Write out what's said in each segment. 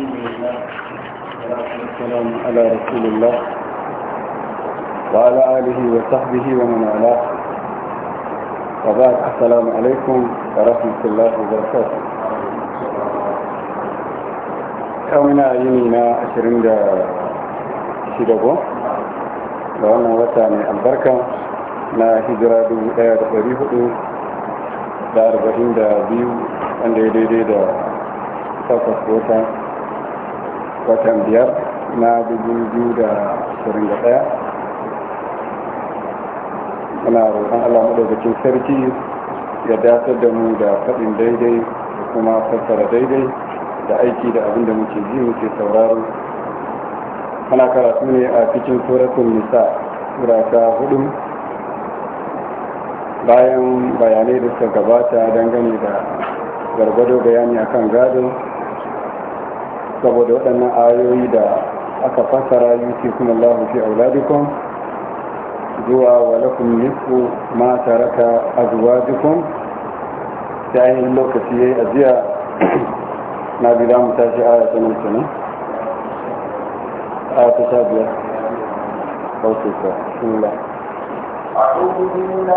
والسلام على رسول الله وعلى آله وصحبه ومن والاه وبعد السلام عليكم ورحمة الله وبركاته كونا يمينا أشرين دا شدبو وانا وتاني البركة نا هجرة دو دار بريه دو دار بهين دا بيو عند دي دا فاقص بوتا watan biyar na biyu da ɗaya. muna roƙon allah madaukakin sarki ya dasar da mu da faɗin daidai da kuma fassara daidai da aiki da abin da muke ji muke sauraro muna karatu ne a cikin suratun nisa sura ta hudu bayan bayanai da suka gabata dangane da gargado bayani akan gado saboda waɗannan ayoyi da aka fassara yuki kuma Allah fi auladikum zuwa wa lakum nisfu ma taraka azwajukum yayin lokaci yayi ajiya na bi mu tashi aya ta nan kenan aya ta sha biyar kauce ta bismillah أعوذ بسم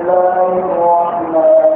الله الرحمن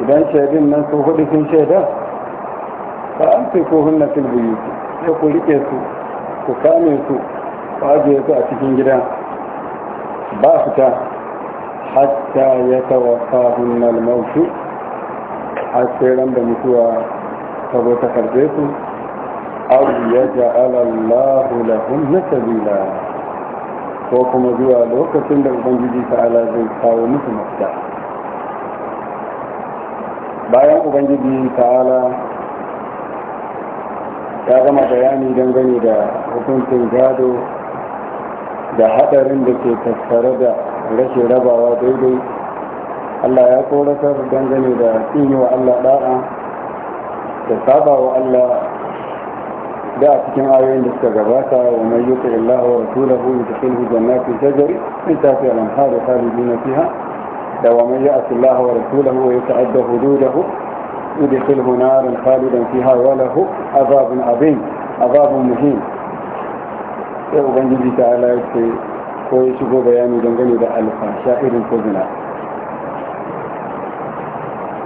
idan shaidun nan su hudu sun shaida ba an fi ko hunna sai ku rike su ku kame su ku ajiye su a cikin gidan, ba fita hatta ya tawafa hunnal mautu a tseren da mutuwa ta zo ta karbe su abu ya ja'ala Allahu lahum sabila ko kuma zuwa lokacin da ubangiji ala zai kawo musu mafita bayan ubangiji ta'ala ya gama bayani dangane da hukuncin gado da hadarin da ke tattare da rashin rabawa daidai allah ya koratar dangane da wa allah da'a da saba wa allah da a cikin ayoyin da suka gabata wa mai yuka illahu wa rasulahu yudkhilhu jannatin tajri min tahtiha da tarihi na fiha بعد ومن يأت الله ورسوله ويتعد حدوده يدخله نارا خالدا فيها وله عذاب عظيم عذاب مهين وبنجي تعالى في كوي شبو بياني دنجني دا ألقى شائر فزنا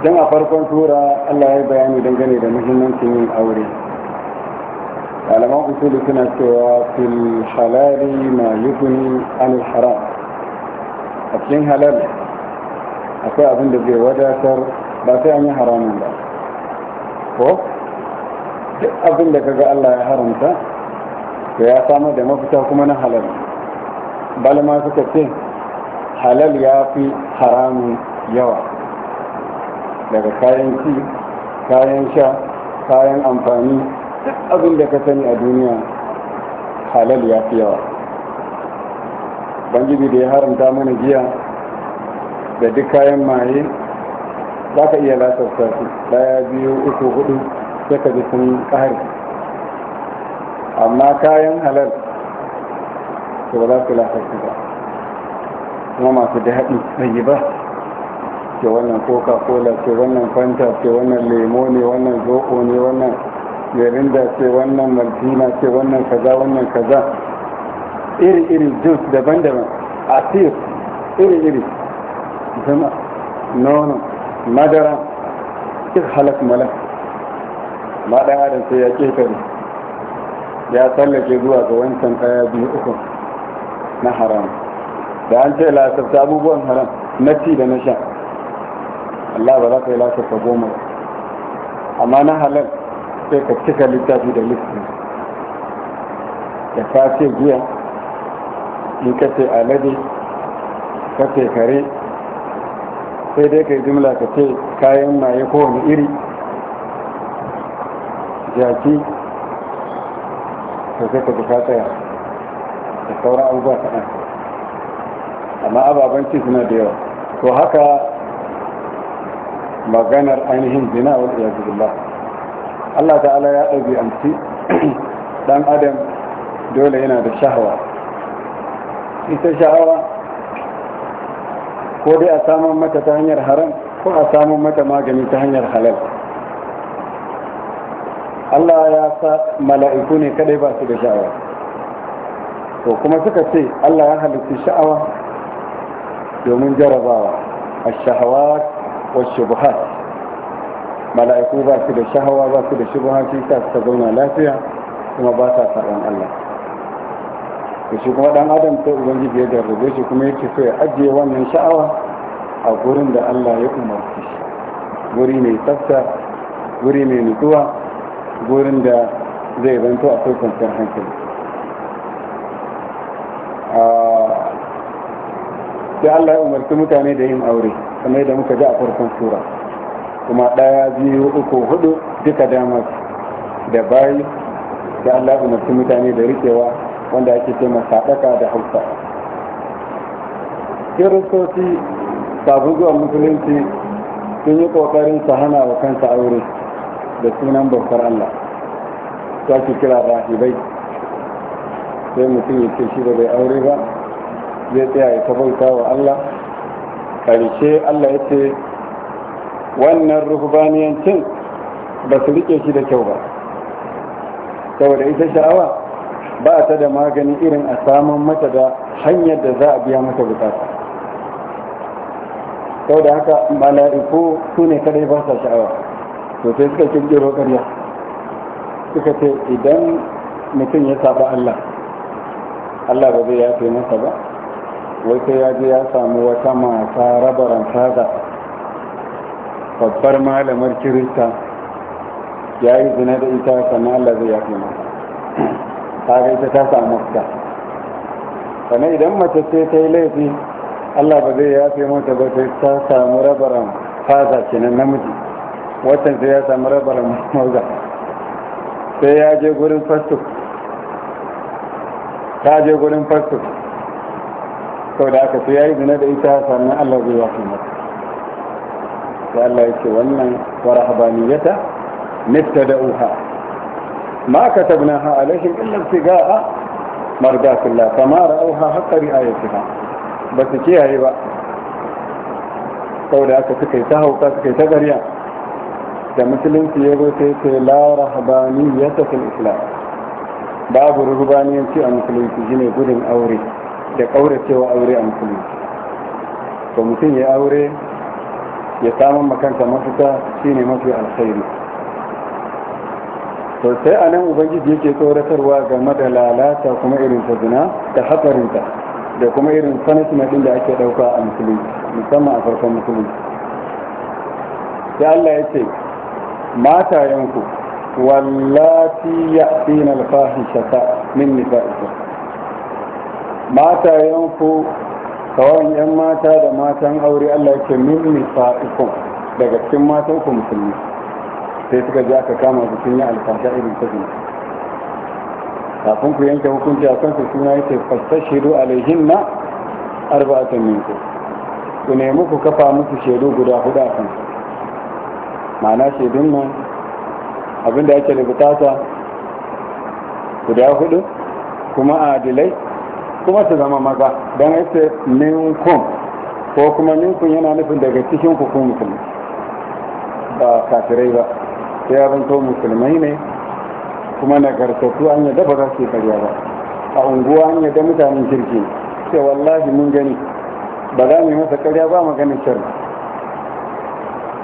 جمع فرق سورة الله يبياني دنجني دا مهم من سنين أوري على ما أصول سنة في akwai abin da zai wadatar ba sai an yi haramun ba ko duk abin da kaga Allah ya haramta to ya samar da mafita kuma na halal balma suka ce halal ya fi haramun yawa daga kayan ci kayan sha kayan amfani duk abin da ka sani a duniya halal ya fi yawa bangiji da ya haramta mana giya da duk kayan maye za ka iya lasarta su daya biyu uku hudu sai ka ji sun ƙari amma kayan halal to ba za su lasarta ba kuma masu da haɗi ɗanyi ba ke wannan coca-cola ke wannan fanta ke wannan lemo ne wannan zoɓo ne wannan yarinda ce wannan martina ce wannan kaza wannan kaza iri-iri jus daban-daban asir iri-iri zama nono madara ki halak malak ma ɗan adam sai ya ƙetare ya tsallake zuwa ga wancan kaya biyu uku na haram da an ce lasafta abubuwan haram na ci da na sha Allah ba za ka yi lasafta goma amma na halal sai ka cika littafi da listin da ka ce giya in ka ce alade ka ce kare sai dai ka kai jimla ka ce kayan maye kowane iri jaki ka sai ka ka tsaya da sauran abubuwa kaɗan amma ababen ci suna da yawa to haka maganar ainihin zina wal iyazu Allah ta'ala ya ɗabi'anci ɗan adam dole yana da shahawa ita shahawa ko dai a samun mata ta hanyar haram ko a samun mata magani ta hanyar halal Allah ya sa mala'iku ne kadai ba su da sha'awa to kuma suka ce Allah ya halitta sha'awa domin jarabawa a shahawat wa shubuhat mala'iku ba su da shahawa ba su da shubuhat shi ta zauna lafiya kuma ba sa saɓon Allah da shi kuma dan adam sai ubangiji ya darbe shi kuma yake so ya ajiye wannan sha'awa a gurin da Allah ya umarci shi guri mai tsafta guri mai nutsuwa gurin da zai zanto a kwanciyar hankali sai Allah ya umarci mutane da yin aure kamar da muka ji a farkon sura kuma ɗaya biyu uku hudu duka damar da bayi da Allah ya umarci mutane da rikewa wanda ake ce sadaka da hausa kiristoci sabu zuwa musulunci sun yi kokarin su hana wa kansa aure da sunan bautar allah za ki kira rahibai sai mutum ya ce shi da bai aure ba zai tsaya ya bauta wa allah karshe allah ya ce wannan ruhubaniyancin ba su rike shi da kyau ba saboda ita sha'awa ba ta da magani irin a saman mata da hanyar da za a biya mata bukata sau da haka mala'iku su ne kadai ba sa sha'awa to sai suka kirkiro karya suka ce idan mutum ya saba Allah Allah ba zai yafe masa ba wai sai ya je ya samu wata mata rabaran fada babbar malamar kirista ya yi zina da ita sannan Allah zai yafe masa kaga ita ta samu mafita sannan idan mace ce ta yi laifi allah ba zai yafe mata ba sai ta samu rabaran fata kenan namiji watan sai ya samu rabaran mauza sai ya je gurin fasto ta je gurin fasto sau da aka sai ya yi zina da ita sannan allah zai yafe mata sai allah ya ce wannan warahabaniyata mista nifta da uha Ma ka ما كتبناها عليهم إلا ابتغاء مرضات الله فما رأوها حق رعايتها بس كيها يبقى saboda aka suka yi ta hauka suka yi ta gariya da musulunci ya zo sai ce la rahabani ya tafi islam babu ruhubaniyanci a musulunci shine gudun aure da kauracewa aure a musulunci to mutum ya aure ya samun makanta mafita shine mafi alkhairi to sai a nan ubangiji yake tsoratarwa game da lalata kuma irin ta zina da hatsarinta da kuma irin punishment din da ake dauka a musulunci musamman a farkon musulunci sai Allah ya ce matayenku wallati ya'tina al shata min nisa mata matayenku kawai yan mata da matan aure Allah ya ce min nisa isa daga cikin matan ku musulmi sai suka ji aka kama su sun yi alfasha irin ta zina kafin ku yanke hukunci a kansu suna yake a laihin na arba'atan minku ku nemi ku kafa musu shaidu guda hudu a kan ma'ana shaidun nan abinda yake da bukata guda hudu kuma adilai kuma su zama maza don yace minkum ko kuma minkum yana nufin daga cikin hukumukun ba kafirai ba sai abin to musulmai ne kuma nagartattu an yadda ba za su karya ba a unguwa an yadda mutanen kirki sai wallahi mun gani ba za mu yi masa karya ba maganin shari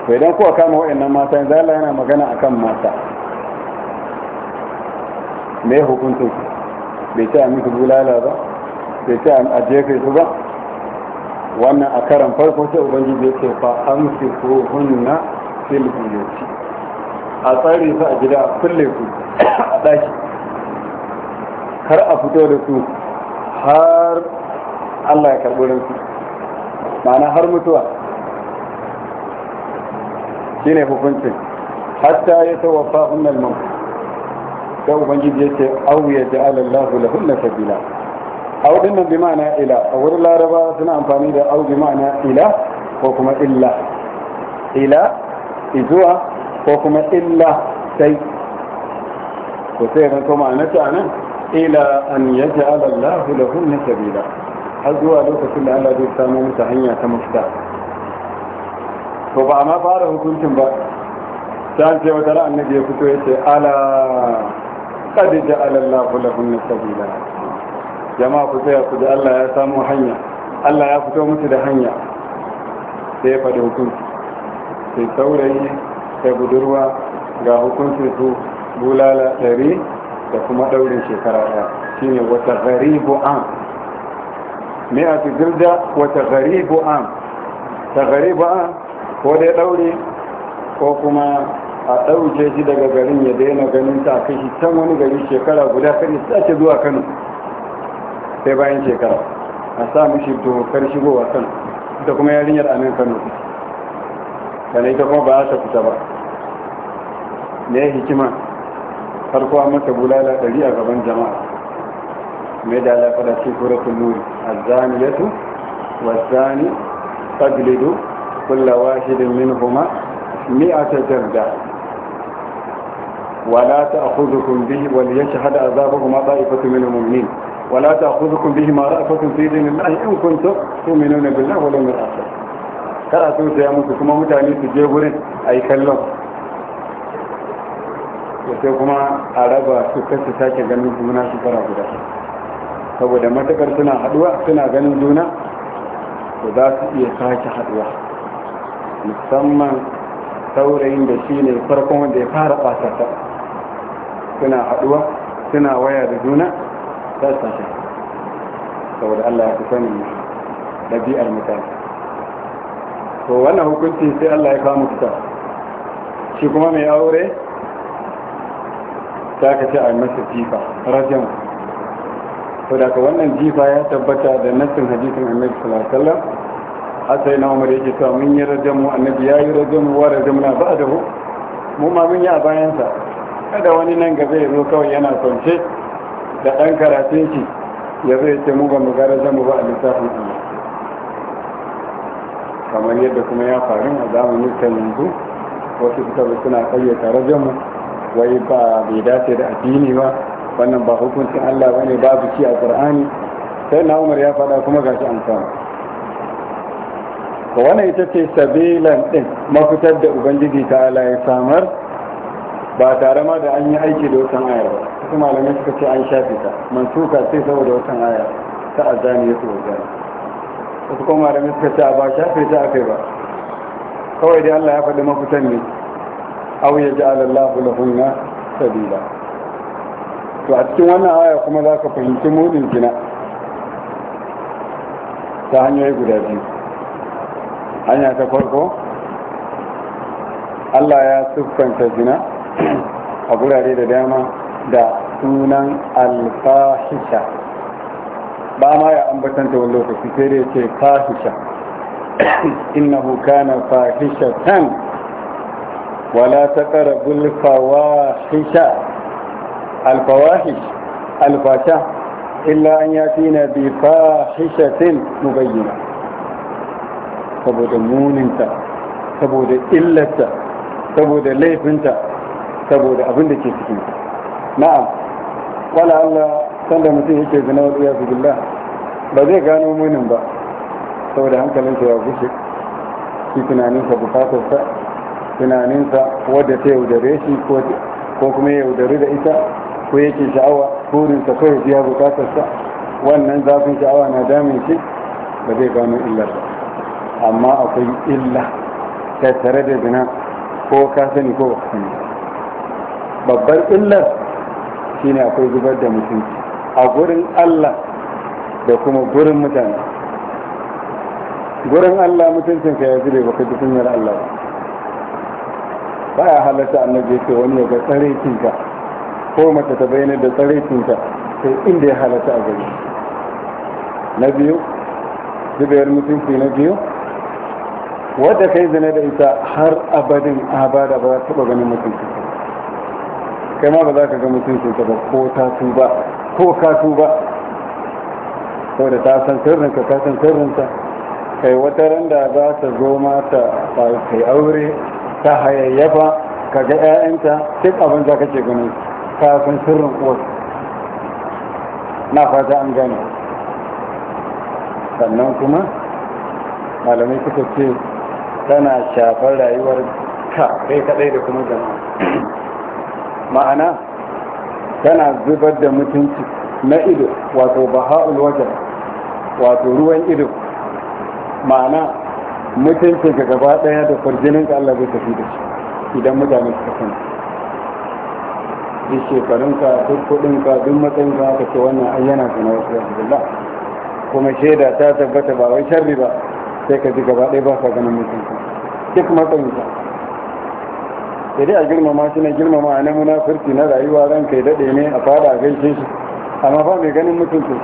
sai dan kuwa kama waɗannan mata yanzu Allah yana magana a kan mata me hukuntun bai ce a miki bulala ba bai ce a jefe su ba wannan a karan farko sai ubangiji ya ce fa amsi ko hunna fil buyuti a tsare su a gida kulle su a ɗaki kar a fito da su har Allah ya karɓi su, ma'ana har mutuwa shi ne hukuncin hatta ya tawafa nan mawu sai ubangiji ya ce au ya ji alallahu la hunna sabila au din nan bi ma'ana ila a wurin laraba suna amfani da au bi ma'ana ila ko kuma illa ila izuwa ko kuma illa sai ko sai ran kuma ana ta nan ila an yaj'al Allah lahun sabila har zuwa lokacin da Allah zai samu musu hanya ta mafita to ba ma fara hukuncin ba sai ce wata ran ne ya fito yace ala qad ja'al Allah lahun sabila jama'a ku sai ku da Allah ya samu hanya Allah ya fito musu da hanya sai ya faɗi hukunci sai saurayi ta budurwa ga hukuncin su bulala ɗari da kuma ɗaurin shekara ɗaya shine wata gharibu a cikin da wata gharibu am ta gharibu an ko dai ɗaure ko kuma a ɗauke shi daga garin ya daina ganin ta kai shi can wani gari shekara guda kar ya ce zuwa kano sai bayan shekara a sa mishi dokar shigowa kano ita kuma yarinyar amin kano kana ita kuma ba za ta fita ba da ya hikima farko a mata bulala ɗari a gaban jama'a mai da alaƙa da cikin a zani azzani yatu wazzani faglidu kulla wahidin min huma mi'ata jarda wala ta a ta'khudhukum bihi wani ya a wal kuma azabakum ta'ifatu min wala ta a bihi al-mu'minin ولا تأخذكم بهما رأفة في دين الله إن كنتم تؤمنون بالله واليوم الآخر kada sun saya musu kuma mutane su je wurin a yi kallon sai kuma a raba su kasu sake ganin su fara guda saboda matakar suna haduwa suna ganin juna to za su iya sake haduwa musamman saurayin da shi ne farkon wanda ya fara ɓasata suna haduwa suna waya da juna za su sake saboda allah ya fi sanin ɗabi'ar mutane to wannan hukunci sai allah ya kawo mu shi kuma mai aure ta ka ce a masa jifa ko to daga wannan jifa ya tabbata da nassin hadisin annabi sallallahu alaihi wasallam asai na umar yake cewa mun yi rajin mu annabi yayi rajin mu wa rajin na ba da mu ma mun yi a bayan sa kada wani nan gaba ya zo kawai yana sonce da dan karatun shi ya zai ce mu ba mu ga rajan mu ba a lissafin Allah kamar yadda kuma ya faru a zamanin yanzu wasu suka suna kayyata rajin mu wai ba bai dace da addini ba wannan ba hukuncin Allah ba ne babu shi a Qur'ani sai na Umar ya faɗa kuma gashi an samu ko wannan ita ce sabilan din mafitar da ubangiji ta Allah ya samar ba tare ma da an yi aiki da wutan ayar ba kuma malamai suka ce an shafe ta mansuka sai saboda wutan ayar ta azani ya tsoro gani wasu kuma malamai suka ce ba shafe ta akai ba kawai dai Allah ya faɗi mafitan ne aw yaj'ala Allahu lahunna sabila to a cikin wannan aya kuma za ka fahimci munin zina ta hanyoyi guda biyu hanya ta farko Allah ya siffanta zina a gurare da dama da sunan alfahisha ba ma ya ambatanta wani lokaci sai da ya ce fahisha innahu kana fahishatan ولا تقربوا الفواحش الفواحش الفاشا إلا أن يأتينا بفاحشة مبينة saboda muninta saboda illarta saboda laifinta saboda abin da ke cikin na'am wala Allah sanda mutum yake zina wa ya su billah ba zai gano munin ba saboda hankalinsa ya gushe shi tunaninsa bukatarsa tunaninsa wadda ta yaudare shi ko kuma ya yaudare da ita ko yake sha'awa burinsa ya biya bukatarsa wannan zafin sha'awa na damin shi ba zai gano illar ba amma akwai illa tare da zina ko ka sani ko ba sani babbar illar shine akwai zubar da mutunci a gurin allah da kuma gurin mutane gurin allah mutuncinka ya zube baka ji kunyar allah ba ba ya halatta annabi ce wani ya ga tsaraicinka ko mace ta bayyana da tsaraicinka sai inda ya halatta a gari na biyu zubayar mutunci na biyu wadda kai zane da ita har abadin abada ba za ta taba ganin mutunci kai ma ba za ka ga mutunci ta ba ko ta tuba ko ka tuba da ta san sirrinka ka san sirrinta kai wata randa za ta zo mata ba kai aure ta hayayyafa ka ga 'ya'yanta duk abin da kake gani kafin sirrin uwar na fata an gane sannan kuma malamai suka ce tana shafar rayuwar ka kai kadai da kuma jama'a ma'ana tana zubar da mutunci na ido wato baha'ul wajen wato ruwan ido ma'ana ka gaba ɗaya da ka Allah zai tafi da shi idan mutane suka sani duk shekarunka duk ka duk matsayin ka aka ce wannan ai yana zina wasu Allah kuma shaida ta tabbata ba wai sharri ba sai ka ji gaba ɗaya ba ka ganin mutunci duk matsayinka sai dai a girmama shi na girmama a na munafurci na rayuwa ranka ya daɗe ne a fada a gaishe shi amma ba mai ganin mutunci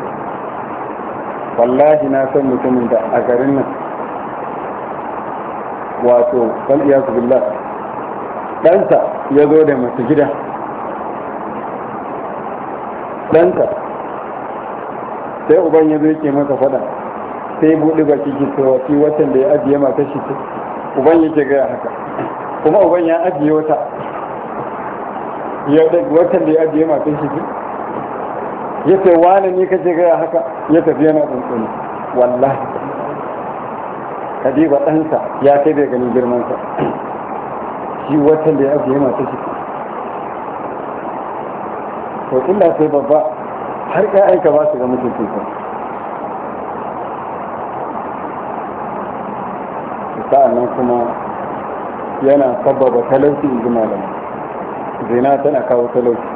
wallahi na san mutumin da a garin nan wato su billah ɗanta ya zo da masu gida ɗanta sai uban ya zo yake masa faɗa sai buɗe ba ki cewa shi watan da ya ajiye mata shi ce uban yake gaya haka kuma uban ya ajiye wata watan da ya ajiye mata shi ce ya sai wani ne kace gaya haka ya tafi yana tsuntsuni wallahi kadiba ɗansa ya kai bai ganin girmansa shi watan da ya fi yi masu shi to illa sai babba har aika ba su ga mutum ka sa'an nan kuma yana sababa talauci in ji malam zina tana kawo talauci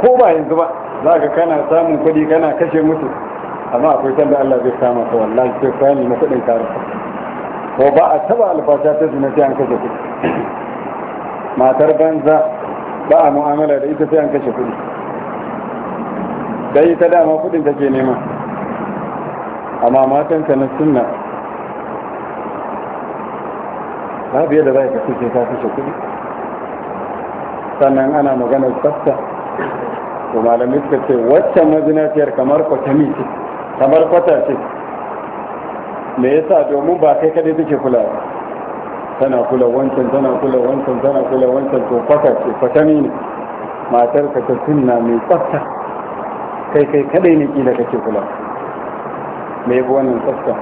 ko ba yanzu ba za ka kana samun kuɗi kana kashe mutu amma akwai sanda Allah zai kama ka wallahi sai kwani na kuɗin karfa ko ba a taba albasha ta zina sai an kashe kudi matar banza ba a mu'amala da ita sai an kashe kudi dai ita dama kudin take nema amma matan matanka na sunna babu yadda za ka kashe ta kashe kudi sannan ana maganar tsafta to malamai suka ce waccan mazinaciyar kamar kwatami ce kamar kwata ce me yasa domin ba kai kadai take kula tana kula wancan tana kula wancan tana kula wancan to kwata ce kwata ne matar ka ta sunna mai tsafta kai kai kadai ne kila kake kula me yafi wannan tsafta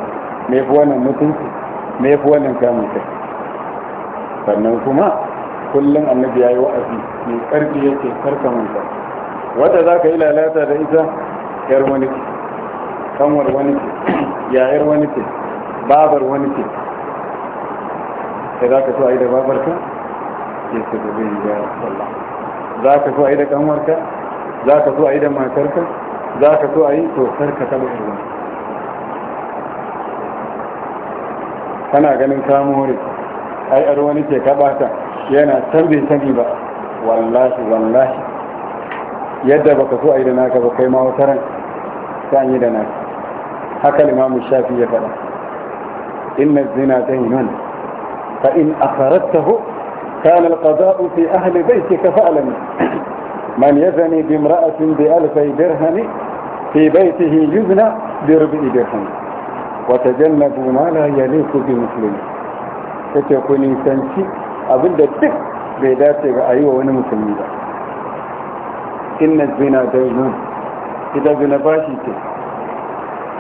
me yafi wannan mutunci me yafi wannan kamun kai sannan kuma kullum annabi yayi wa'azi mai karfi yake karka manta wanda zaka yi lalata da ita yar wani kamar wani ce yayar wani ce babar wani ke, sai za ka so a yi da babarka ya ce da zai yi ya Allah za ka so a yi da kanwarka za ka so a yi da matarka za ka so a yi to ka taɓa irin kana ganin samu wuri. ai ar wani ke kaɓata yana can bai sani ba wallahi wallahi yadda baka so a yi da naka ba kai ma wata ran ta yi da naka haka limamu shafi ya faɗa إن الزنا دين فإن أخرجته كان القضاء في أهل بيتك فألم من يزني بامرأة بألفي درهم في بيته يزنى بربع درهم وتجنبوا ما لا يليق بمسلم فتكون إنسانشي أبدا تك بيداتك أيوة وأنا مسلمين إن الزنا دين إذا زنا باشي تك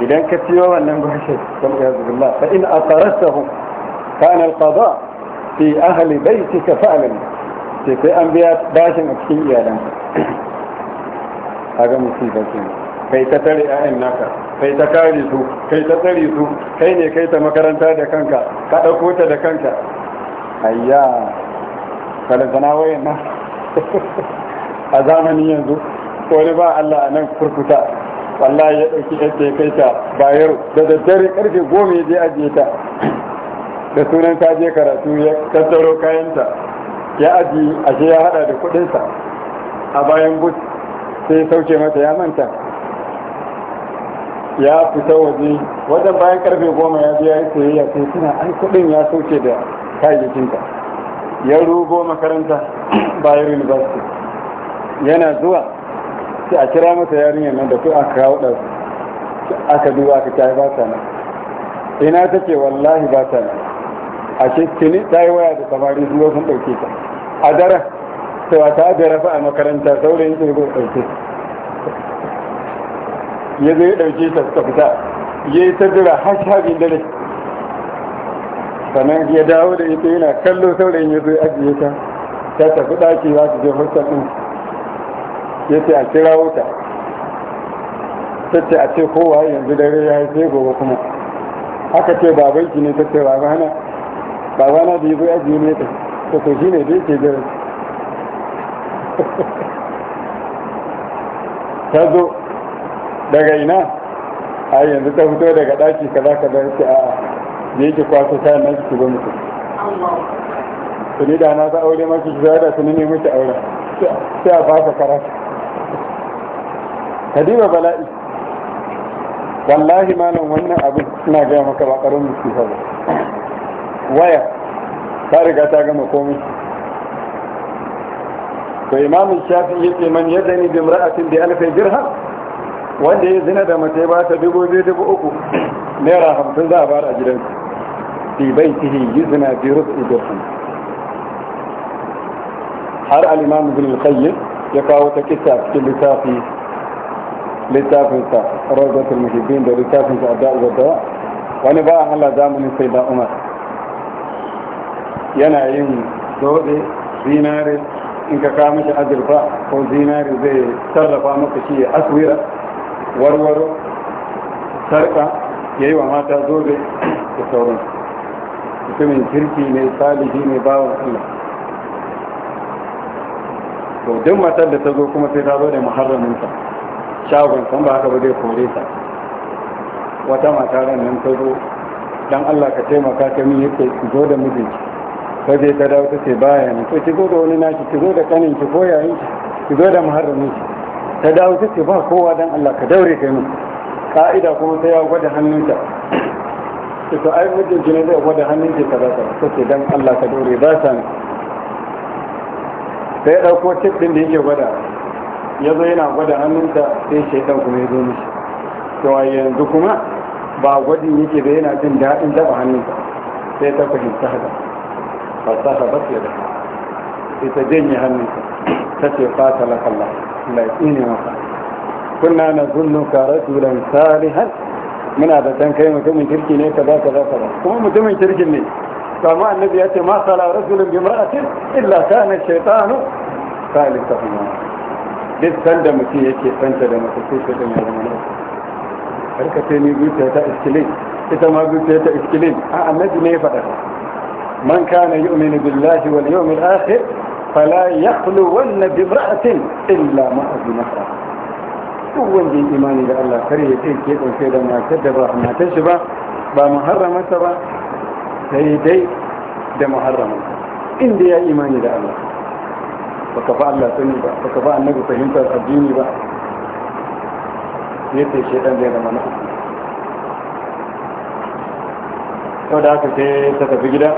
idan ka ciyo wannan bashin kan ya Allah fa in ka an alqada fi ci ka fa'alin sai sai an biya bashin a cikin iyalan kaga musiba ce kai ta tare ƴaƴan naka kai ta kare su kai ta tsare su kai ne kai ta makaranta da kanka ka ɗauko ta da kanka ayya kalantana wayan nan a zamanin yanzu wani ba Allah a nan kurkuta wallahi ya ɗauki yadda ya kai ta bayero da daddare karfe goma ya je ajiye ta da sunan ta je karatu ya tattaro kayanta ya aji ashe ya hada da kudinsa a bayan bus sai ya sauke mata ya manta ya fita waje wajen bayan karfe goma ya je ya yi soyayya sai suna an kudin ya sauke da kayayyakinta ya rubo makaranta bayan university yana zuwa ce a kira masa yarinyar nan da ko aka kawo ɗan aka duba aka ta ba ta nan ina ta ce wallahi ba ta nan a ce tuni ta yi waya da samari zuwa sun ɗauke ta a daren ta wata ta rafa a makaranta saurayin su ko ɗauke ya zo ya ɗauke ta suka fita ya yi ta dura har dare sannan ya dawo da ita yana kallo saurayin ya zo ya ajiye ta ta tafi ɗaki za su je hostel ɗin ya ce a kira wuta ta ce a ce kowa yanzu dare ya yi sai gobe kuma haka ce babanki ne ta ce babana babana da yi zo ajiye ne ta ta to shi ne da yake jira ta zo daga ina a yanzu ta fito daga ɗaki za ka da yake a da yake kwaso kayan na shi ba mutum tuni da na ta aure masu ki zai da tuni ne miki aure sai a fasa karatu هدي ببلائي والله ما لو منا أبو ما جاء ما كبا قرون مستفاد ويا تارك أتاك مقومي فإمام الشافعي من يدني بامرأة بألف درهم وجه زنا دم تبات بيبو بيت بوكو نرى هم تلدا بار اجرين في بيته يزنا بيرب درهم هر الإمام ابن القيم يقاوت كتاب في لسافيه littafinsa rozatul muhibbin da littafinsa a da'uwar dawa wani ba Allah zamanin sai da umar yana yin dole zinare in ka kawo mashi azurfa ko zinare zai sarrafa maka shi ya aswira warwaro sarka ya yi wa mata zobe da sauran mutumin kirki ne salihi ne bawon Allah to duk matar da ta zo kuma sai ta zo da muharraminta shagon kan ba haka ba zai kore ta wata mata ran nan ta zo dan Allah ka taimaka ka min yake zo da mijinki ka zai ta dawo ta baya ne ko ki zo da wani naki ki zo da kanin ki ko yayin ki ki zo da muharramin ta dawo take ba kowa dan Allah ka daure kai min ka'ida kuma ta ya gwada hannunta to ai mutum ki ne zai gwada hannunki ka kaza kaza ko ce dan Allah ka daure ba sa ne sai dauko tip din da yake gwada yazo yana gwada hannunsa sai shaitan kuma ya zo mishi to a yanzu kuma ba gwadin yake da yana jin daɗin daba hannunsa sai ta fahimta haka fasaha ta su da sai ta janye hannunsa ta ce fata la kalla la ine masa kunna na zunnu zunnuka rajulan salihan muna da tan kai mutumin kirki ne ka kaza kaza ba kuma mutumin kirkin ne kama annabi ya ce ma sala rasulun bi mar'atin illa kana shaytanu salihan duk sanda mutum yake santa da mace sai shi ya zama nasa har ka sai ni zuciya ta iskilin ita ma zuciya ta iskilin a annabi ne faɗa man kana yu'minu billahi wal yawmil akhir fala yakhlu wanna bi imra'atin illa ma azinaha duk wanda ya imani da Allah kare ya kai ke dauke da matar da ba matar shi ba ba muharramata ba sai dai da muharramata inda ya imani da Allah baka fa Allah sani ba baka fa annabi fahimtar addini ba Ta shedan zai zama na sau da aka sai ta tafi gida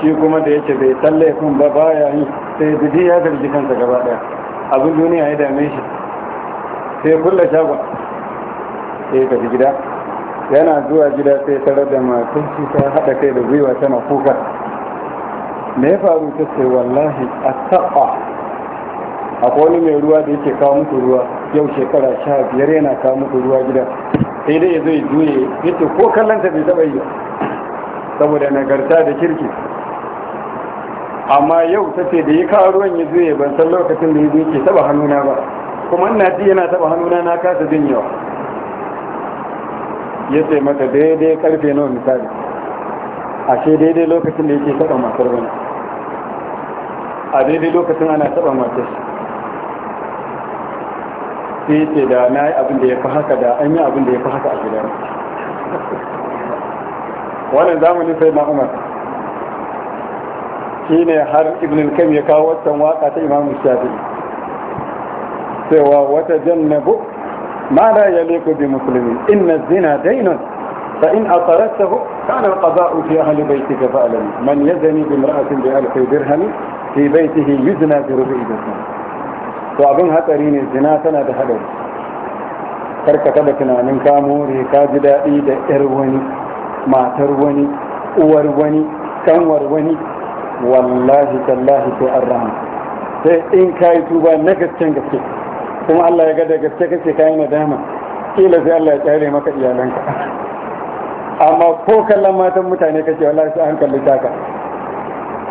shi kuma da yake bai talle kun ba ya yi sai biji ya zargi kansa gaba daya abin duniya ya dame shi sai kulla shagon sai tafi gida yana zuwa gida sai tarar da matan ta haɗa kai da gwiwa tana kuka me ya faru ta ce wallahi a taɓa akwai wani mai ruwa da yake kawo muku ruwa yau shekara sha biyar yana kawo muku ruwa gida sai dai zai juye yake ko kallanta bai taba yi saboda nagarta da kirki amma yau ta ce da ya kawo ruwan ya juye ban san lokacin da ya zo ke taba hannuna ba kuma ina ji yana taba hannuna na kasa jin yawa ya ce mata daidai karfe nawa misali ashe daidai lokacin da yake taba matar a daidai lokacin ana taba matar sai ya ce da na yi abin da ya fi haka da an yi abin da ya fi haka a gidan wannan zamanin sai na umar shi ne har ibn al-kam ya kawo wancan waka ta imam shafi cewa wata jannabu ma la yaliqu bi muslimin inna zina dainun fa in aqaratahu kana al-qada'u fi ahli baytika fa'lam man yazani bi imra'atin bi alfi dirham fi baytihi yuzna bi rubu'i dirham to abin hatsari ne zina tana da hadari karkata da tunanin ka more ka ji daɗi da ƴar wani matar wani uwar wani kanwar wani wallahi tallahi ko an rama sai in ka yi tuba na gaske gaske kuma Allah ya ga gaske kake ka yi nadama kila sai Allah ya tsare maka iyalanka amma ko kallon matan mutane kake wallahi sai an kalli taka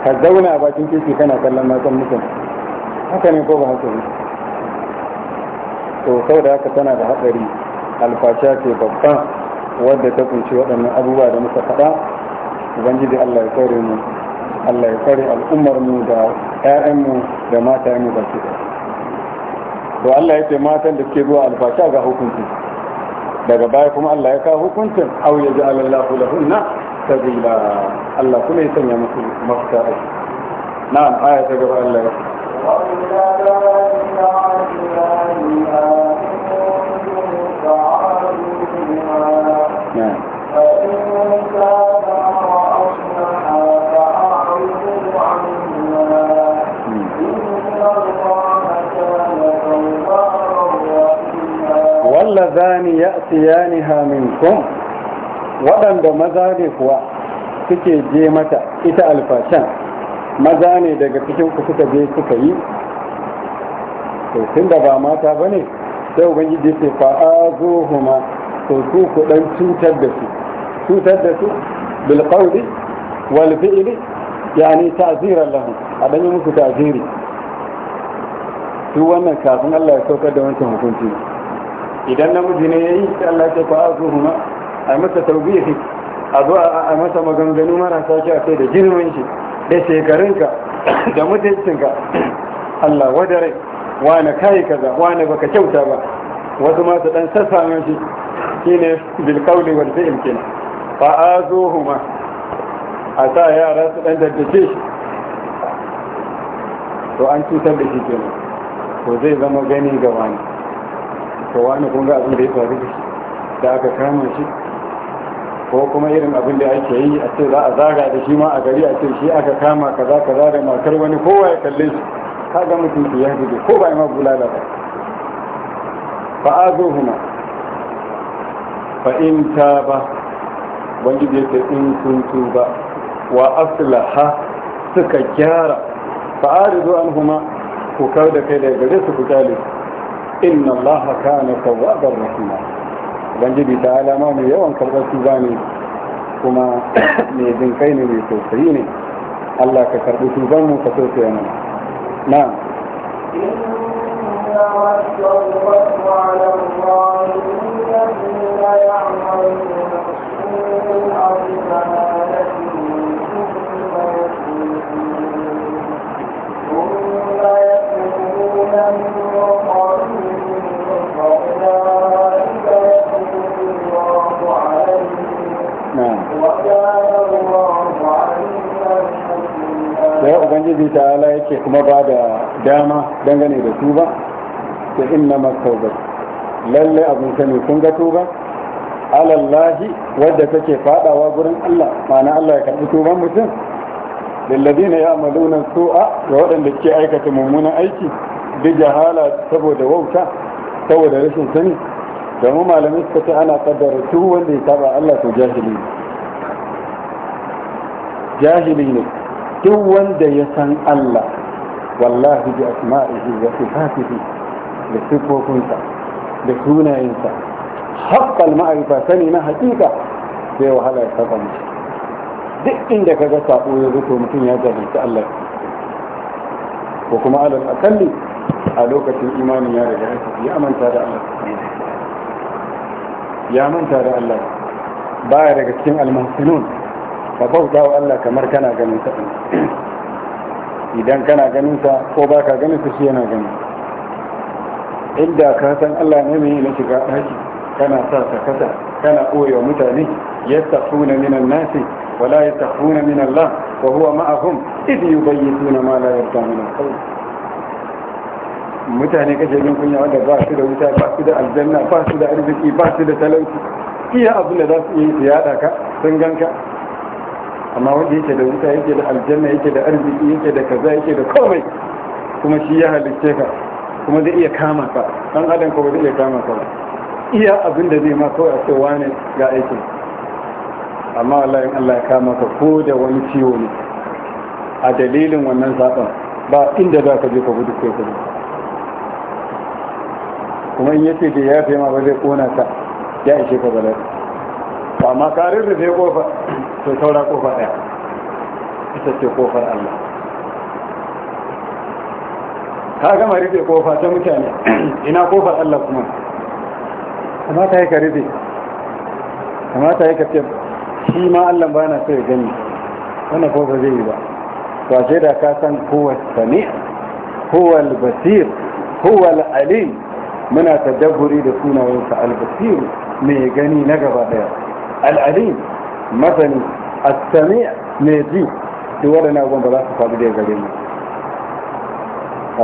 ka zauna a bakin kishi kana kallon matan mutane haka ne ko ba haka ne to sau da haka tana da haɗari alfasha ce babba wadda ta kunshi waɗannan abubuwa da muka faɗa ubangiji allah ya kare mu allah ya kare al'ummar mu da mu da mu ba su to allah ya ce matan da suke zuwa alfasha ga hukunci daga baya kuma allah ya kawo hukuncin au ya ji alallahu lahunna sabila allah kuma ya sanya musu mafita na'am aya ta gaba allah ya اللذان يأتيانها منكم waɗanda maza ne kuwa suke je mata ita alfashan maza ne daga cikin ku suka je suka yi to tun da ba mata ba ne sai ubangiji ya ce fa'azo huma to su ku dan cutar da su cutar da su bil qawli wal fi'li yani ta'zira lahum a dan yi musu ta'ziri su wannan kafin Allah ya saukar da wancan hukunci idan namiji ne yayi sai Allah ya ce fa'azo huma a masa tawbihi a zo a masa maganganu marasa shi a kai da girman shi da shekarunka da mutuncinka Allah rai wane kayi kaza wane baka kyauta ba wasu masu dan sassame shi shine bil qawli wal fi'l kin fa azuhuma a sa yara su dan daddace shi to an cutar da shi kenan to zai zama gani ga wani to wani kun ga abin da ya faru da shi da aka kama shi ko kuma irin abin da ake yi a ce za a zaga da shi ma a gari a ce shi aka kama kaza kaza da matar wani kowa ya kalle shi kaga mutum ya hadu ko ba ma bulala ba fa huma fa in ba wani da yake in sun tuba wa aslaha suka gyara fa an huma ku kawo da kai daga gare su ku kyale inna allaha kana tawwabar rahima ubangiji ta alama mai yawan karɓar su ba ne kuma mai jin kai ne mai tausayi ne Allah ka karɓi su ban mu ka tausaya mana na Thank you. ubangiji ala yake kuma ba da dama dangane da su ba ta inna masauba lalle abin sani kun ga tuba alallahi wadda take fadawa gurin Allah mana Allah ya karbi tuban mutum ya ya'maluna su'a ga waɗanda ke aikata mummunan aiki bi jahala saboda wauta saboda rashin sani domin malamai suka ce ana kaddara su wanda ya saba Allah to jahili jahili ne duk wanda ya san Allah wallahi bi asma'ihi wa sifatihi da sifofinsa da sunayensa haƙƙal ma'arifa sani na hakika sai wahala ya saba mishi duk inda kaga sabo ya zuto mutum ya jahilci Allah ko kuma alal akalli a lokacin imanin ya riga ya manta da Allah ya manta da Allah baya daga cikin almasinun ka bauta wa Allah kamar kana ganin sa idan kana ganin ta, ko ba ka ganin sa shi yana ganin inda ka san Allah ne mai na shiga ɗaki kana sa ta kasa kana koyo mutane tafuna minan nasi wala ya tafuna min Allah wa huwa ma'ahum idh suna ma la yarda min al mutane kashe jin kunya wanda ba su da wuta ba su da aljanna ba su da arziki ba su da talauci iya abin da za su yi su yada ka sun ganka amma wanda yake da wuta yake da aljanna yake da arziki yake da kaza yake da komai kuma shi ya halitta ka kuma zai iya kama ka dan adam ko zai iya kama ka ba iya abin da zai ma kawai a ce wani ga aikin amma wallahi in Allah ya kama ka ko da wani ciwo ne a dalilin wannan zaɓen ba inda za ka je ka gudu ko ka kuma in yace da ya fi ma ba zai kona ka ya ishe ka bala'i amma ka rurrufe kofa to saura kofa ɗaya ita ce kofar Allah ka gama rufe kofa ta mutane ina kofar Allah kuma kamata yi ka rufe kamata yi ka ce shi ma Allah ba na so ya gani wannan kofa zai yi ba to ashe da ka san kowa sami kowa basir kowa alim muna tadabburi da sunayensa albasir mai gani na gaba daya al'alim masani sami mai ji duk waɗanda abubuwan ba za su faɗi daga gare mu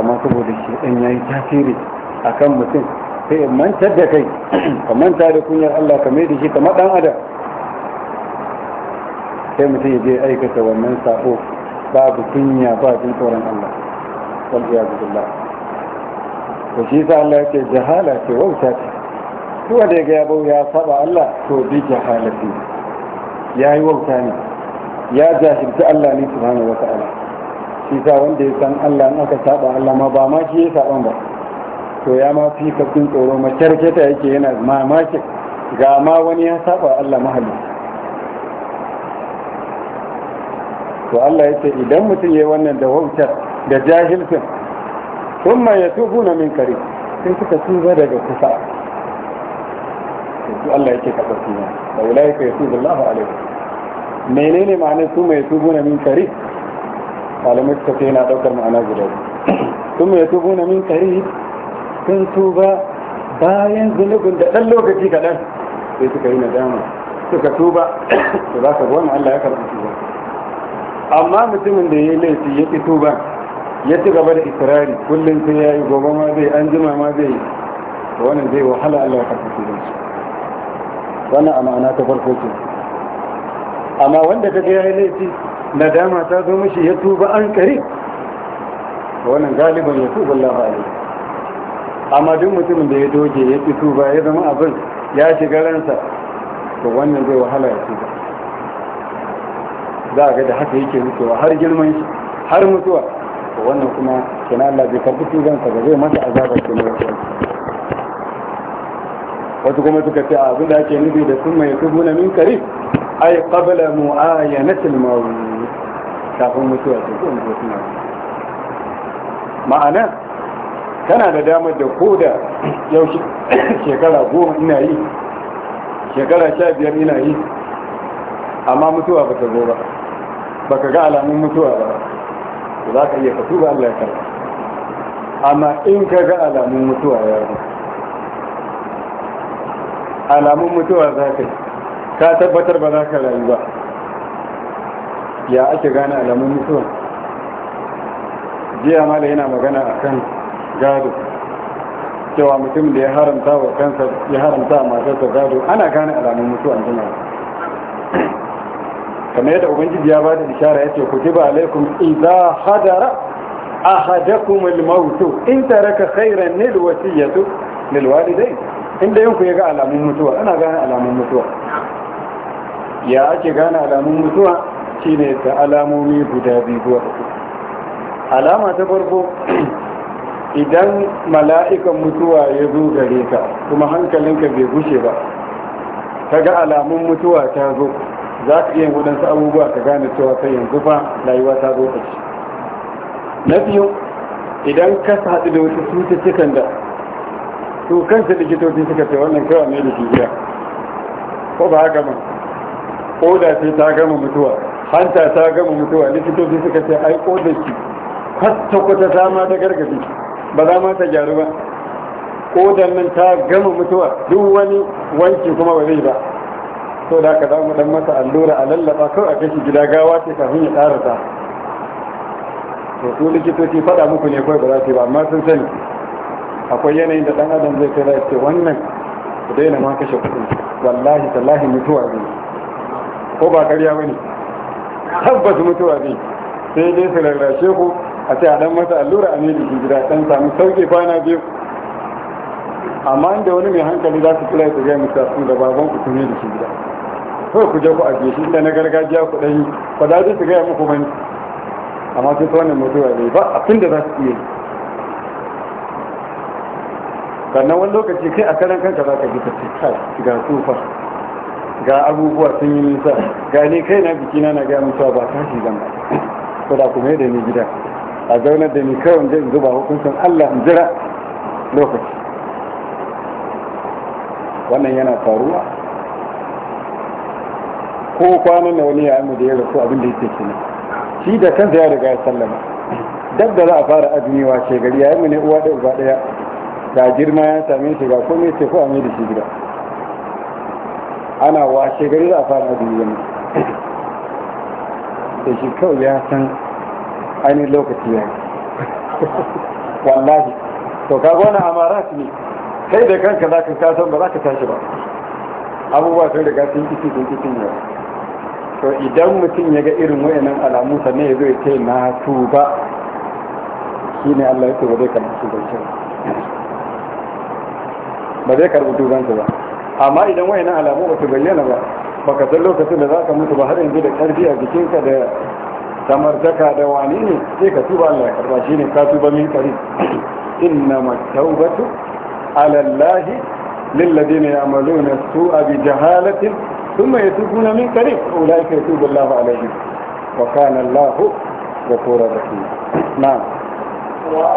amma saboda shi ɗan ya yi tasiri a kan mutum sai mantar da kai ka manta da kunyar Allah ka mai da shi kamar ɗan adam sai mutum ya je aikata wannan sako babu kunya ba jin tsoron Allah wal da billah ko shi sa Allah yake jahala ce wauta ce kuwa da ya gaya bau ya saba Allah to bi jahalati ya yi wauta ne ya jahilci Allah ne hana wata ala shi sa wanda ya san Allah in aka saba Allah ma ba ma shi ya saba ba to ya ma fi kafin tsoro makyarke ta yake yana mamakin ga ma wani ya saba Allah mahalli to Allah ya ce idan mutum ya yi wannan da wautar da jahilcin sun ya tubu na min kare sun suka tuba daga kusa ce su Allah yake kafarci ne da ulai ka yasubu Allahu alaihi menene ma'ana su mai tubu na min kari malamai suka ce yana daukar ma'ana guda su mai tubu na min kari sun tuba bayan zunubin da dan lokaci kaɗan sai suka yi na dama, suka tuba to za ka ga wannan Allah ya karɓi tuba amma mutumin da ya yi laifi ya ki tuba ya ci gaba da ikirari kullum sai ya yi gobe ma zai an jima ma zai yi wannan zai wahala Allah ya karɓi tuba wannan ma'ana ta farko ce amma wanda ta ya yi laifi nadama ta zo mishi ya tuba an kare wannan galiban ya tuba labari amma duk mutumin da ya doge ya fi tuba ya zama abin ya shiga ransa to wannan zai wahala ya tuba za a ga da haka yake mutuwa har girman shi har mutuwa to wannan kuma kina Allah bai tuban ka ba zai masa azabar kina wasu kuma suka ce abin da ake nufi da sun mai tubu na min kari ai qabla mu'ayanatil mawu kafin mutuwa ce ko mutuwa suna ma'ana kana da damar da ko da yau shekara goma ina yi shekara sha biyar ina yi amma mutuwa ba ta zo ba ba ka ga alamun mutuwa ba za ka iya ka tuba Allah ya karba amma in ka ga alamun mutuwa ya zo alamun mutuwa za ka yi ka tabbatar ba za ka rayu ba ya ake gane alamun mutuwa jiya da yana magana a kan gado cewa mutum da ya haramta wa kansa ya haramta matarsa gado ana gane alamun mutuwa jima kamar yadda ubangiji ya ba da ishara ya ce ku ji ba alaikum iza hadara a hadakumul mautu in taraka khayran lil wasiyatu lil walidayn Inda yanku ya ga alamun mutuwa ana gane alamun mutuwa ya ake gane alamun mutuwa shi ne ta alamomi guda biyu a alama ta farko idan mala'ikan mutuwa ya zo gare ka kuma hankalinka bai gushe ba ka ga alamun mutuwa ta zo za ka iya wadansu abubuwa ka gane cewa ta yanzu fa layuwa ta zo ci na biyu idan ka haɗu da wasu cututtukan da to kansa likitoci suka ce wannan kawai ne da jijiya ko ba haka ba koda ce ta gama mutuwa hanta ta gama mutuwa likitoci suka ce ai koda ki kwata-kwata ta ma ta gargadi ba za ma ta gyaru ba kodan nan ta gama mutuwa duk wani wanki kuma ba zai ba to da ka damu dan masa allura a lallaba kawai a kashi gida gawa ce kafin ya tsara ta to su likitoci faɗa muku ne kawai ba za su yi ba amma sun sani akwai yanayin da dan adam zai kai ce wannan ku daina ma kashe kudin wallahi tallahi mutuwa ne ko ba karya ne, tabbas mutuwa ne sai dai su rarrashe ku a ce a dan mata allura a ne da gida dan samu sauke kwana biyu amma inda wani mai hankali za su kula su gaya musa sun da baban ku tuni da shi gida ku je ku ajiye shi inda na gargajiya ku ɗan yi ba za su gaya muku bane amma sai ta wannan mutuwa ne ba abin da za su iya yi sannan wani lokaci kai a karan kanka za ka ji ka ce ga tsufa ga abubuwa sun yi nisa ga kai na biki na na ga mutuwa ba ta zan ba ko da kuma yadda ni gida a zaunar da ni kawai zai zuba hukuncin Allah in jira lokaci wannan yana faruwa ko kwanan na wani yayin da ya rasu abin da yake kenan shi da kansa ya riga ya sallama dab da za a fara azumi wa shegari yayin mu ne uwa da uba daya ga girma ya same shi ga komai ce ko a mai da shi gida ana washe gari za a fara duniya da shi kawai ya san ainihin lokaci ya wallahi to kaga a amarat ne kai da kanka za ka kasa ba za ka tashi ba abubuwa sun riga sun ciki sun ciki ne to idan mutum ya ga irin wayannan alamu sannan ya zo ya ce na tuba shine Allah ya ce ba zai kalli shi ba ba zai karɓi tubanka ba amma idan wayannan alamu ba su bayyana ba baka san lokacin da za ka mutu ba har yanzu da ƙarfi a jikinka da samartaka da wani ne sai ka tuba Allah ya karba shi ne ka tuba min kari inna matawbatu ala Allah lilladina ya'maluna su'a bi jahalatin thumma yatubuna min qarib ulaika yatubu Allahu alaihim wa kana Allahu ghafurur rahim na'am wa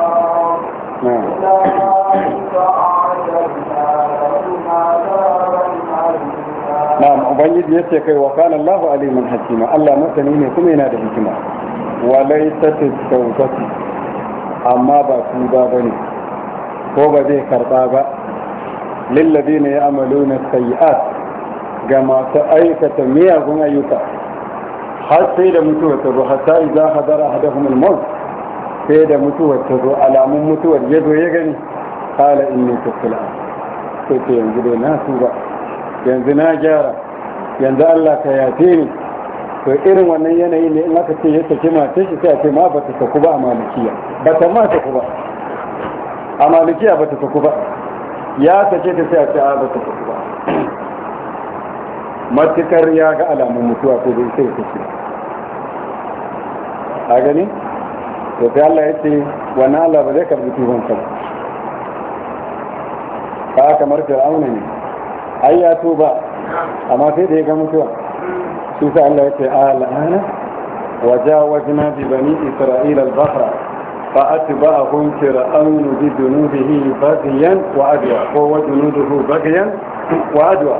ubangiji ya ce kai wa kana Allahu aliman hakima Allah masani ne kuma yana da hikima wa laysat tawbati amma ba tuba bane ko ba zai karba ba lil ladina ya'maluna sayi'at ga masu aikata miyagun ayyuka har sai da mutuwa ta zo hatta idza hadara hadahum al-maut sai da mutuwa ta zo alamun mutuwar ya zo ya gani kala inni tukula to ce yanzu dai na tuba yanzu na gyara yanzu Allah ka yafe ni to irin wannan yanayi ne in aka ce ya saki matar shi sai a ce ma ba ta saku ba a malikiya ba ta ma saku ba a malikiya ba ta saku ba ya sake ta sai a ce a ba ta saku ba matukar ya ga alamun mutuwa ko bai sai ce a gani to sai Allah ya ce wani Allah ba zai karbi tuhon ka ba kamar fir'auna ne ai ya tuba أما في ذلك مكوى سوف قال لك آل أنا وجاوزنا ببني إسرائيل البحر فأتبعهم كرأون بذنوبه بغيا وأدوى هو ذنوبه بغيا وأدوى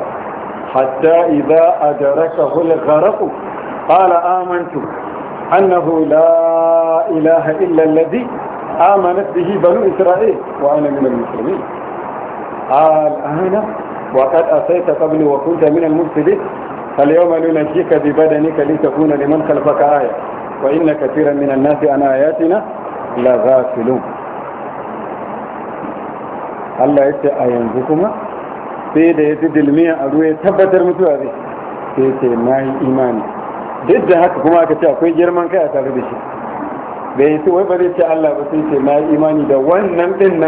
حتى إذا أدركه الغرق قال آمنت أنه لا إله إلا الذي آمنت به بنو إسرائيل وأنا من المسلمين قال آمنت وقد أصيت قبل وكنت من المفسدين فاليوم ننجيك ببدنك لتكون لمن خلفك آية وإن كثيرا من الناس عن آياتنا لغافلون Allah ya ce a yanzu kuma sai da ya ji dilmiya a ruwa ya tabbatar mutuwa zai sai ce na imani duk da haka kuma aka ce akwai girman kai a tare bai ba Allah ba sai imani da wannan din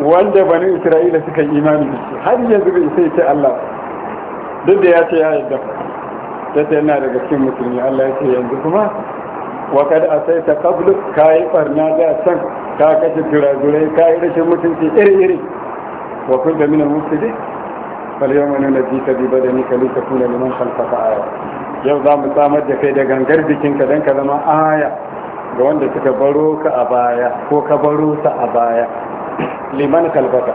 wanda bani isra'ila suka yi imani da shi har yanzu bai sai ce Allah duk da ya ce ya yadda ta ce yana daga cikin musulmi Allah ya ce yanzu kuma wa kad asaita qablu kai barna da san ka kace turazurai kai rashin mutunci iri iri wa kun da minal mufsidin fal yawma ka bi ka li kuna liman khalfaka aya yau za mu samar da kai da gangar ka dan ka zama aya ga wanda suka baro ka a baya ko ka baro sa a baya liman kalbata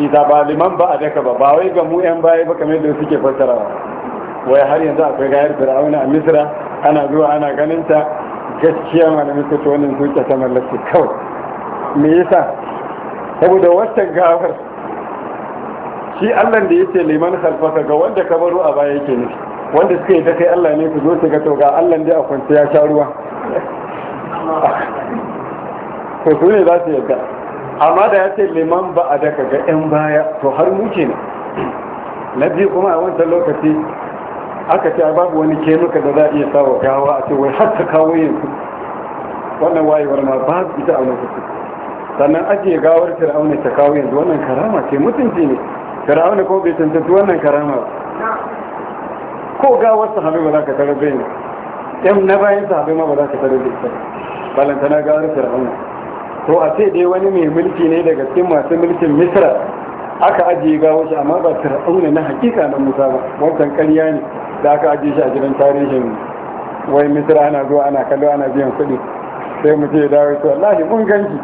idan ba liman ba a daka ba ba wai ga mu yan baya ba kamar da suke fassarawa wai har yanzu akwai gayar fir'auna a misra ana zuwa ana ganin ta gaskiya malamin su to wannan suke ta mallaki kawai me yasa saboda wata gawar shi Allah da yake liman kalbata ga wanda ka baro a baya yake nufi wanda suka yi ta kai Allah ne ku zo su ga to ga Allah da a kwance ya sha ruwa ko su ne za su yadda amma da ya ce liman ba a daga ga 'yan baya to har muke ne na biyu kuma a wancan lokaci aka ce babu wani kenuka da za a iya sawa gawa a ce wai har ta kawo yanzu wannan wayewar ma babu ita a lokaci sannan ajiye gawar fir'auna ta kawo yanzu wannan karama ce mutunci ne fir'auna ko bai tantance wannan karama ko gawar sahabi ba za ka tarar bai ne yan na bayan sahabi ma ba za ka tarar bai balantana gawar fir'auna to a ce dai wani mai mulki ne daga cikin masu mulkin misra aka ajiye gawo shi amma ba fir'auna na hakika na musa ba wancan ƙarya ne da aka ajiye shi a gidan tarihin wai misra ana zuwa ana kallo ana biyan kuɗi sai mu ce dawo to wallahi mun ganki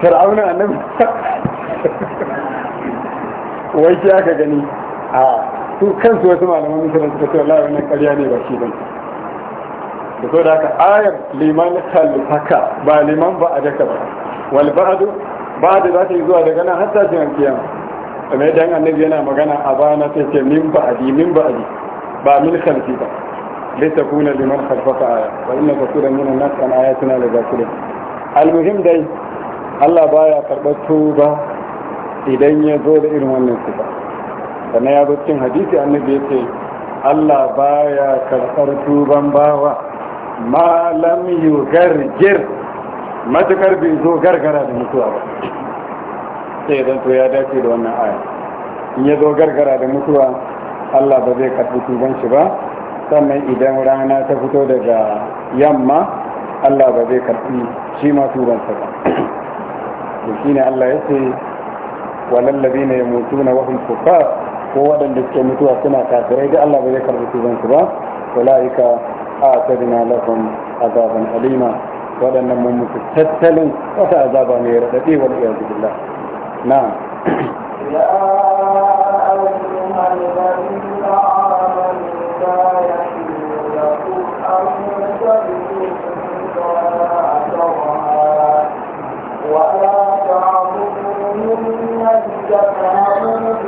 fir'auna annabi wai shi aka gani a su kansu wasu malaman misra suka ce wallahi wannan ƙarya ne ba shi ba, da so da haka ayar liman haka ba liman ba a daka ba wal ba'du ba'du za ta yi zuwa daga nan har tashin an kiyama kuma yadda annabi yana magana a bana sai ce min ba'di min ba'di ba min khalfi ba kuna liman khalfaka aya wa inna kasuran min an-nas an ayatuna la zakirun almuhim dai Allah baya karbar tuba idan ya zo da irin wannan sifa sannan ya zo cikin hadisi annabi ya ce Allah baya karbar tuban bawa ma lam yugarjir matukar bin zo gargara da mutuwa ba sai zan to ya dace da wannan aya in ya zo gargara da mutuwa Allah ba zai karɓi tuban shi ba sannan idan rana ta fito daga yamma Allah ba zai karɓi shi ma tubansa ba to ne Allah ya ce ne yamutuna wa hum kuffar ko waɗanda suke mutuwa suna kafirai da Allah ba zai karɓi tubansu ba ulaika a'tadna a azaban alima ولن ممت تتلوا وتأذاب أمير ربي والإياذ بالله نعم يا ولا تعبدوا من الجنه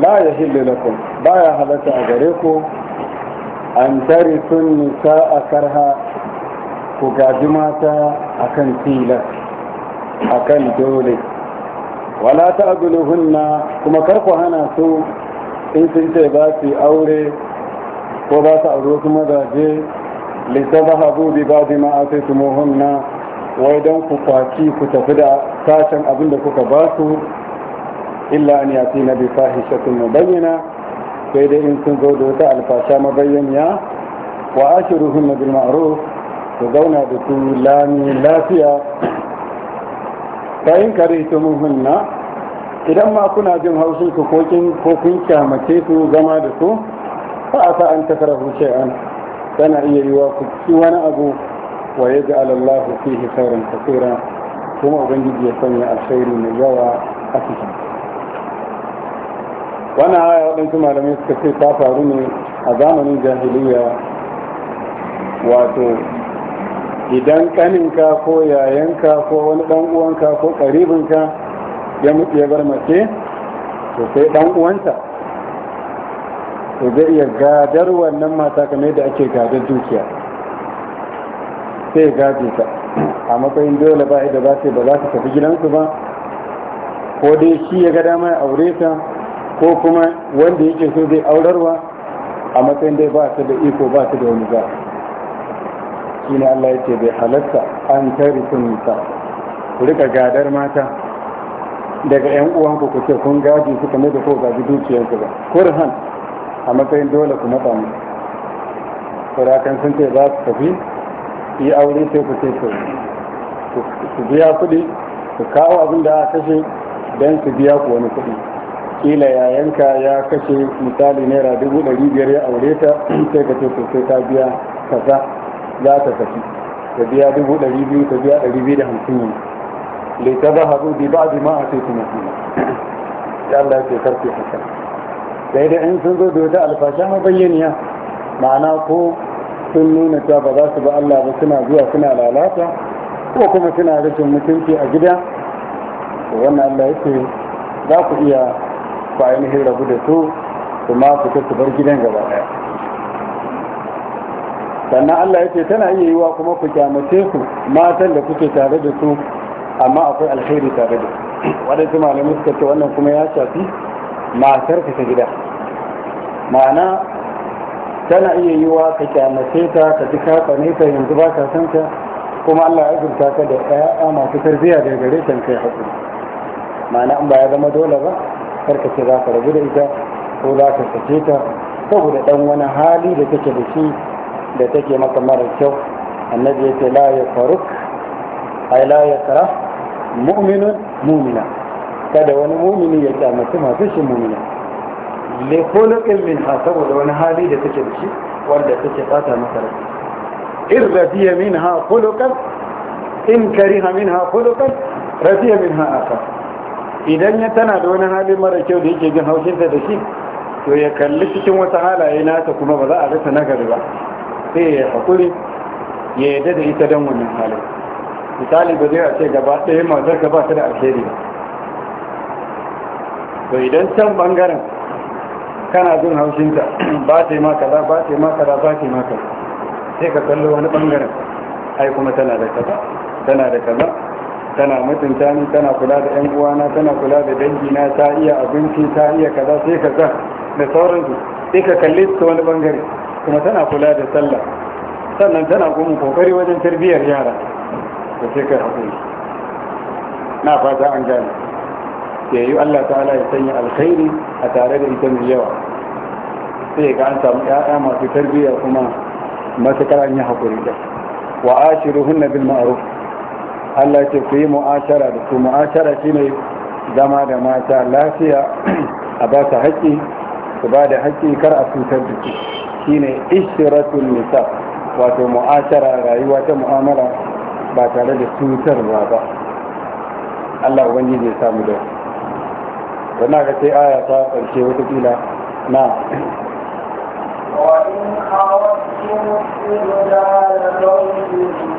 la ya hillu a gare ku an tare sun nisa a karha ku gaji mata akan tilas akan dole wala ta hunna kuma kar ku hana su in sun ce ba su aure ko ba su aure su mazaje littafahabu bi ba ma a sai su wai don ku kwaci ku tafi da sashen abin da kuka ba su illa an yatina bi fahishatin bayyana, sai dai in sun zo da wata alfasha mabayyaniya wa ashiruhun bil ma'ruf ku zauna da su lami lafiya bayan kare ta muhunna idan ma kuna jin haushin ku ko kun kyamace su zama da su fa asa an takarahu tana iya yiwa ku wani abu wa yaj'al Allah fihi khairan kaseera kuma ubangiji ya sanya alkhairi mai yawa a cikin wannan aya waɗansu malamai suka ce ta faru ne a zamanin jahiliya wato idan kaninka ko yayanka ko wani ɗan uwanka ko ƙaribinka ya mutu ya bar mace to sai ɗan uwanta to zai iya gadar wannan mata kamar yadda ake gadar dukiya sai gaje ta a matsayin dole ba da ba ba za su tafi gidansu ba ko dai shi ya ga dama ya aure ta ko kuma wanda yake so zai aurarwa a matsayin dai ba ta da iko ba ta da wani za shi ne Allah yake bai halatta an tari sun nisa ku rika gadar mata daga yan uwanku ku ce kun gaji suka mai da ko gaji dukiyarsu ba kurhan a matsayin dole ku matsa mu sarakan sun ce za su tafi yi aure sai ku ce su biya kuɗi su kawo abin da aka kashe don su biya ku wani kuɗi kila yanka ya kashe misali naira dubu ɗari biyar ya aure ta sai ka ce to sai ka biya kaza za ta tafi ta biya dubu ɗari biyu ka biya ɗari biyu da hamsin ne lai ta ba haɗu bi ba a ma a sai kuma kuma ya Allah ya ce karfe haka sai dai in sun zo da wata alfasha ma bayyaniya ma'ana ko sun nuna ta ba za su ba Allah ba suna zuwa suna lalata ko kuma suna rashin mutunci a gida wannan Allah ya ce za ku iya ku ainihin rabu da su su ma su su bar gidan gaba daya sannan Allah ya ce tana iya yiwa kuma ku kyamace su matan da kuke tare da su amma akwai alheri tare da su waɗansu malamai suka ce wannan kuma ya shafi matar ka ta gida ma'ana tana iya yiwa ka kyamace ta ka ji kafa ne ta yanzu ba ka san ta kuma Allah ya zurta ka da ɗaya masu tarbiyya daga gare ta kai haƙuri ma'ana in ba ya zama dole ba karka ce za ka rabu da ita ko za ka sake ta saboda dan wani hali da take da shi da take maka mara kyau annabi ya ce la ya faruk ai la ya kara mu'minun mu'mina kada wani mu'mini ya kyamaci masu shi mu'mina le khuluqin min ha saboda wani hali da take da shi wanda take fata masa rai in radiya minha khuluqan in kariha minha khuluqan radiya minha akhar idan ya tana da wani hali mara kyau da yake jin haushinta da shi to ya kalli cikin wata halaye nasa kuma ba za a rasa nagari ba sai ya haƙuri ya yadda da ita don wannan halin misali ba zai a ce gaba ɗaya mazar ka ba ta da alheri ba to idan can bangaren kana jin haushinta ba ta yi ma za ba ta yi ma za ba ta yi ma sai ka kalli wani bangaren ai kuma tana da kaza tana da kaza tana mutunta ni tana kula da yan uwana tana kula da na, ta iya abinci ta iya kaza sai ka ga da sauransu sai ka kalli ta wani bangare kuma tana kula da sallah sannan tana kuma kokari wajen tarbiyyar yara da sai ka hakuri? na fata an gane yayi Allah ta'ala ya sanya alkhairi a tare da ita mai yawa sai ga an samu ƴaƴa masu tarbiyya kuma masu an hakuri haƙuri da wa bil ma'ruf Allah ce ku yi mu'ashara da su mu'ashara ne zama da mata lafiya a ba su haƙƙi su ba da haƙƙi kar a cutar da su ne ishratul nisa wato mu'ashara rayuwa ta mu'amala ba tare da cutarwa ba Allah ubangiji ya samu da wannan ga sai aya ta ƙarshe wata kila na وإن أردتم استبدال زوج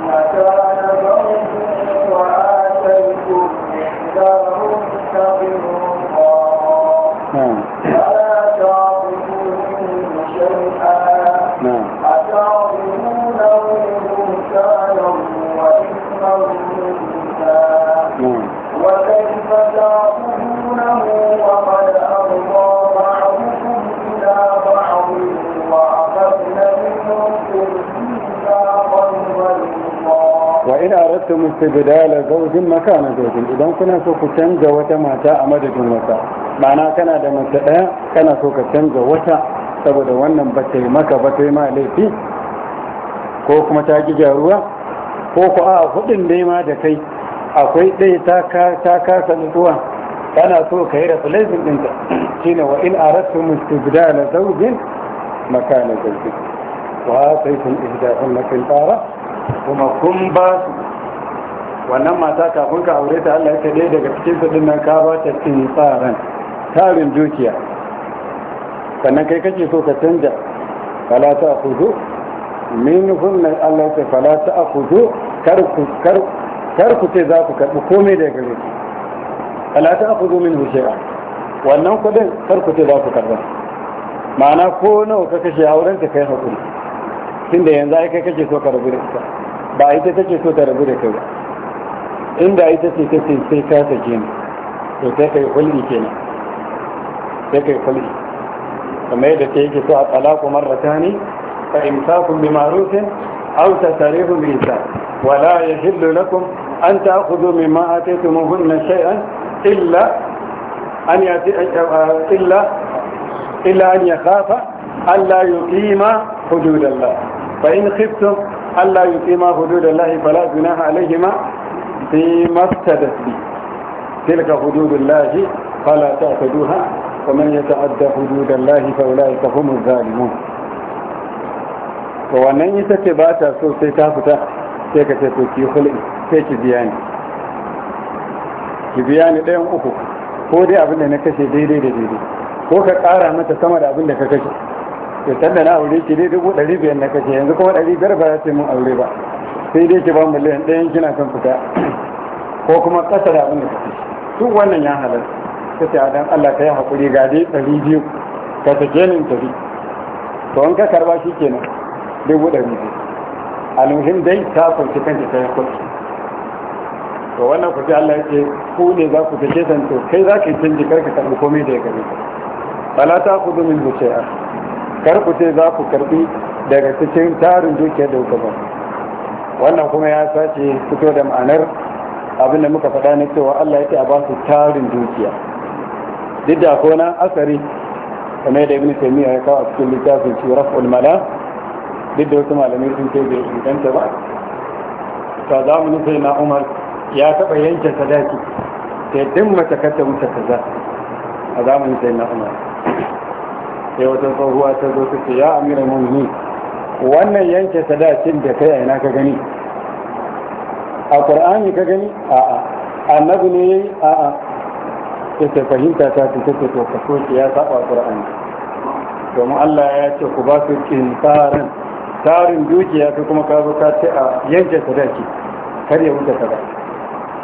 مكان زوج القرآن aradtum istibdala zawjin makana zawjin idan kuna so ku canza wata mata a madadin wata ma'ana kana da mace daya kana so ka canza wata saboda wannan ba ta yi maka ba ta yi ma laifi ko kuma ta ki jaruwa ko ku a hudin dai da kai akwai ɗaya ta kasa nutsuwa kana so ka yi replacement ɗinta shine wa in aradtum istibdala zawjin makana zawjin wa ataytum ihdahunna qintara kuma kun ba su wannan mata kafin ka aure ta Allah ya dai daga cikin su nan ka ba ta cin tsaran tarin dukiya sannan kai kake so ka canja fala ta akudu min hunna Allah ta fala ta akudu kar ku kar kar ku ce za ku karbi komai daga gare ku fala ta akudu min hushi'a wannan kudin kar ku ce za ku karba ma'ana ko nawa ka kashe auren ta kai hakuri tunda yanzu ai kai kake so ka rabu da ita ba ita take so ta rabu da kai ba inda ita ce ta sai ka sake ni to sai kai hulɗi kenan sai kai hulɗi kamar yadda ta yake so a talaku marratani fa imsakun bi ma'rufin aw tasarihun bi isa wala yahillu lakum an ta'khudhu mimma ataytumuhunna shay'an illa an yati illa illa an yakhafa an la yuqima hududallah fa in khiftum an la yuqima hududallah fala junaha alayhima فيما افتدت به تلك حدود الله فلا تعتدوها ومن يتعدى حدود الله فأولئك هم To wannan ita ce ba ta so sai ta fita sai ka ce to ki hulɗi sai ki biya ni ki biya ni ɗayan uku ko dai abin da na kashe daidai da daidai ko ka ƙara mata sama da abin da ka kashe to tanda na aure ki dai dubu ɗari biyar na kashe yanzu kuma ɗari biyar ba za ta yi mun aure ba sai dai ki ba miliyan ɗayan kina kan fita ko kuma ƙasa da abin da kake duk wannan ya halar ta ce dan Allah ka yi haƙuri ga dai ɗari biyu ka sake ni tafi to an ka karba shi ke nan dubu ɗari biyu almuhim dai ta kwanci kan ta yi kwanci to wannan ku ji Allah ce ku ne za ku fice san to kai za ka yi canji karka karɓi komai da ya gari bala ta ku zumin zuciya kar ku ce za ku karɓi daga cikin tarin dukiyar da kuka ba wannan kuma ya sace fito da ma'anar abinda muka faɗa na cewa Allah ya ce a ba su tarin dukiya duk da ko na asari kuma da ibn taymiya ya kawo a cikin littafin shi raf'ul mala duk da wasu malamai sun ce bai inganta ba ta mu nufi na umar ya taɓa yanke sadaki sai duk mace kacce ka kaza a zamanin sai na umar sai wata tsohuwa ta zo ta ce ya amiran mummuni wannan yanke sadakin da kai ina ka gani a ƙur'ani ka gani a'a annabi ne yi? a'a ta fahimta ta ta ce to ka ya saba ƙur'ani domin Allah ya ce ku ba su tsarin tarin dukiya ka kuma ka zo ka ce a yanke sadaki kar ya wuce sadaki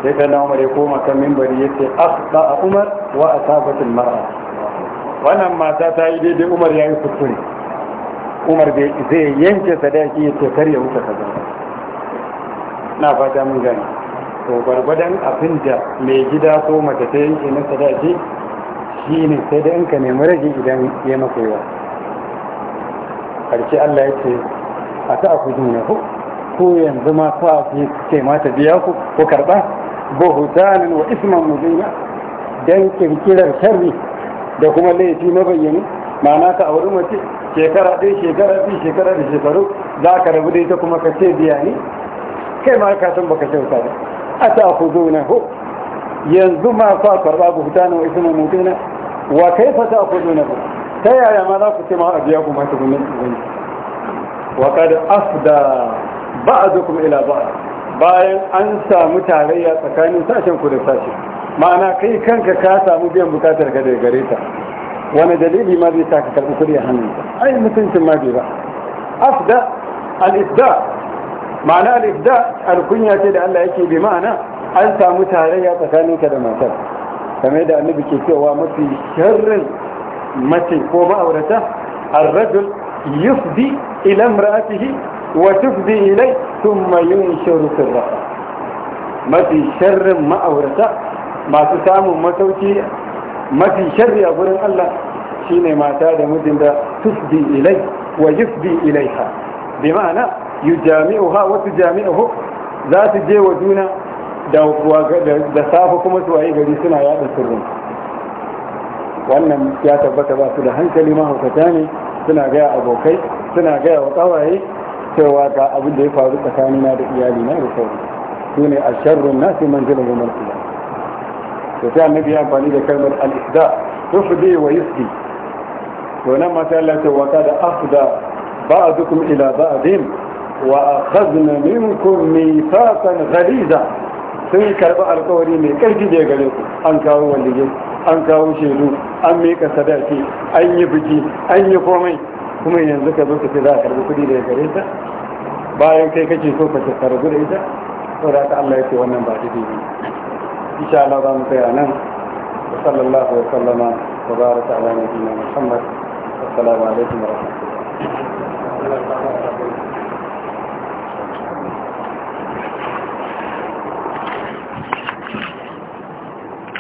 sai ta umar ya koma kan mimbari ya ce a umar wa asabatul mar'a wannan mata ta yi daidai umar ya yi kuskure umar zai yanke sadaki ya ce kar ya wuce kaza na fata mun gani to gwargwadon abin da mai gida ko mace ta yanke na sadaki shi ne sai da yanka nemi rage idan ya maka yawa karshe allah ya ce a ta aku duniya ko ko yanzu ma sa fi ce mata biya ku ko karɓa bohutanin wa isman mubina dan kirkirar sharri da kuma laifi mabayyani ma'ana ka auri mace shekara ɗin shekara ɗin shekara da shekaru za ka rabu da ita kuma ka ce biya ne kai ma ka san baka kyauta ba a ta ku zo na ho yanzu ma fa karɓa ku fita na wasu na mutu na wa kai fa ta ku zo na ta yaya ma za ku ce ma a biya ku masu gwamnati gwamnati wa a afda kuma ila ba bayan an samu tarayya tsakanin sashen ku da sashen ma'ana kai kanka ka samu biyan bukatar ka daga gare ta wani dalili ma zai sa ka karɓi kuɗi a hannunka ai mutuncin ma bai ba afda al-ibda ma'ana al-ibda al-kunya ce da Allah yake bi ma'ana an samu tarayya tsakaninka da matar kamar da annabi ke cewa mafi sharrin mace ko ma'aurata ar-rajul yufdi ila imra'atihi wa tufdi ilai thumma yunshiru fil rafa mafi sharrin ma'aurata masu samun masauki mafi sharri a gurin Allah shi ne mata da mijin da tusbi ilai wa yusbi ilaiha bi ma'ana ha wa tujami'uhu za su je wa juna da da safa kuma su waye gari suna yada sirrin wannan ya tabbata ba su da hankali mahaukata ne suna gaya abokai suna gaya wa kawaye cewa ga abin da ya faru tsakanina da iyalina da sauri su ne a sharrun nasi manzilin gwamnati to sai annabi yi amfani da kalmar al-ihda tufdi wa yusdi to nan ma Allah ce wa kada afda ba'dukum ila ba'din wa akhadna minkum mithaqan ghaliza sun karba alkawari mai karfi da gare ku an kawo wallige an kawo shedu an mika sadaki an yi biki an yi komai kuma yanzu ka zo ka ce za a karbi kuɗi daga gare ta bayan kai kake so ka karbi da ita saboda Allah ya ce wannan ba daidai ne insha Allah za mu tsaya nan wa sallallahu wa sallama wa baraka ala nabiyina Muhammad assalamu alaikum wa rahmatullahi